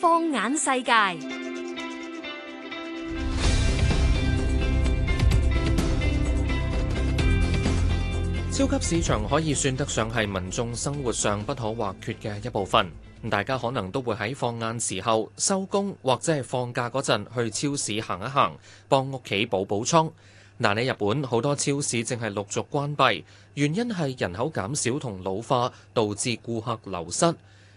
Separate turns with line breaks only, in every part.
放眼世界，超級市場可以算得上係民眾生活上不可或缺嘅一部分。大家可能都會喺放晏時候，收工或者係放假嗰陣去超市行一行，幫屋企補補倉。嗱，喺日本好多超市正係陸續關閉，原因係人口減少同老化導致顧客流失。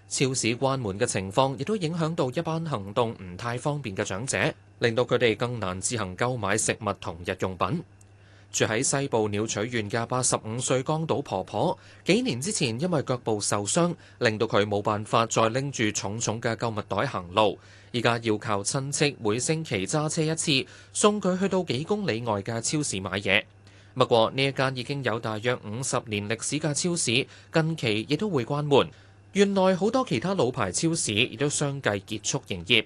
超市關門嘅情況亦都影響到一班行動唔太方便嘅長者，令到佢哋更難自行購買食物同日用品。住喺西部鳥取縣嘅八十五歲江島婆婆，幾年之前因為腳部受傷，令到佢冇辦法再拎住重重嘅購物袋行路。而家要靠親戚每星期揸車一次送佢去到幾公里外嘅超市買嘢。不過呢間已經有大約五十年歷史嘅超市，近期亦都會關門。縣內好多其他老牌超市亦都相繼結束營業。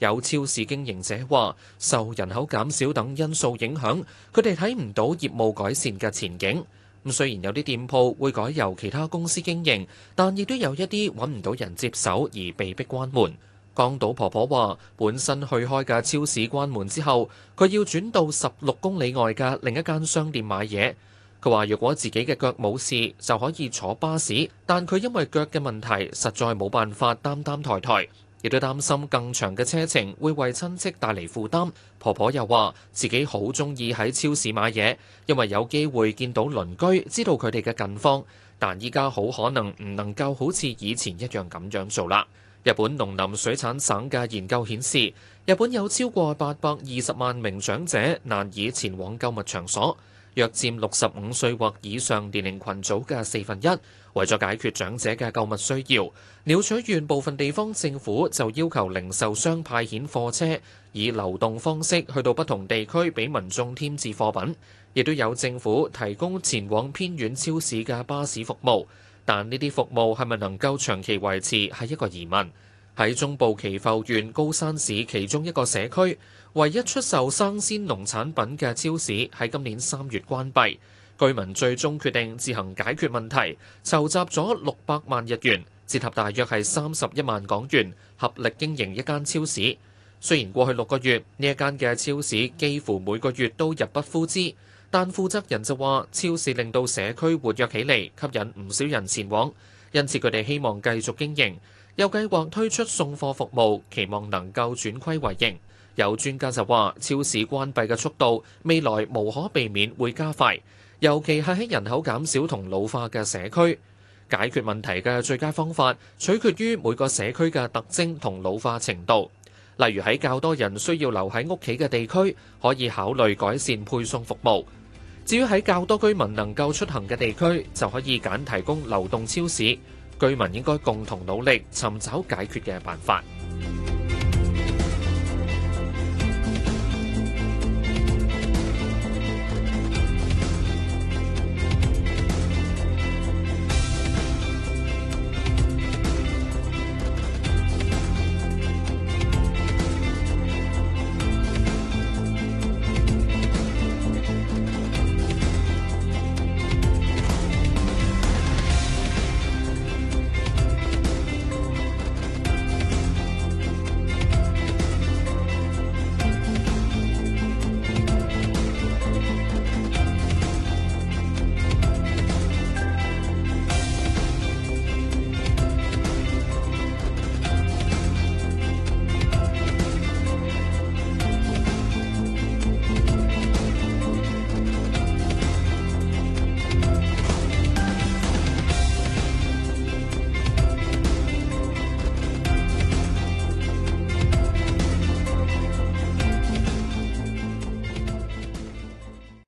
有超市經營者話：受人口減少等因素影響，佢哋睇唔到業務改善嘅前景。咁雖然有啲店鋪會改由其他公司經營，但亦都有一啲揾唔到人接手而被迫關門。江島婆婆話：本身去開嘅超市關門之後，佢要轉到十六公里外嘅另一間商店買嘢。佢話：如果自己嘅腳冇事，就可以坐巴士，但佢因為腳嘅問題，實在冇辦法擔擔抬抬，抬。亦都擔心更長嘅車程會為親戚帶嚟負擔。婆婆又話：自己好中意喺超市買嘢，因為有機會見到鄰居，知道佢哋嘅近況。但依家好可能唔能夠好似以前一樣咁樣做啦。日本農林水產省嘅研究顯示，日本有超過八百二十萬名長者難以前往購物場所。約佔六十五歲或以上年齡群組嘅四分一，為咗解決長者嘅購物需要，鳥取縣部分地方政府就要求零售商派遣貨車，以流動方式去到不同地區畀民眾添置貨品，亦都有政府提供前往偏遠超市嘅巴士服務。但呢啲服務係咪能夠長期維持，係一個疑問。喺中部岐阜縣高山市其中一個社區，唯一出售生鮮農產品嘅超市喺今年三月關閉。居民最終決定自行解決問題，籌集咗六百萬日元，折合大約係三十一萬港元，合力經營一間超市。雖然過去六個月呢一間嘅超市幾乎每個月都入不敷支，但負責人就話，超市令到社區活躍起嚟，吸引唔少人前往。因此佢哋希望繼續經營，又計劃推出送貨服務，期望能夠轉虧為盈。有專家就話，超市關閉嘅速度未來無可避免會加快，尤其係喺人口減少同老化嘅社區。解決問題嘅最佳方法取決於每個社區嘅特徵同老化程度。例如喺較多人需要留喺屋企嘅地區，可以考慮改善配送服務。至於喺較多居民能夠出行嘅地區，就可以揀提供流動超市。居民應該共同努力，尋找解決嘅辦法。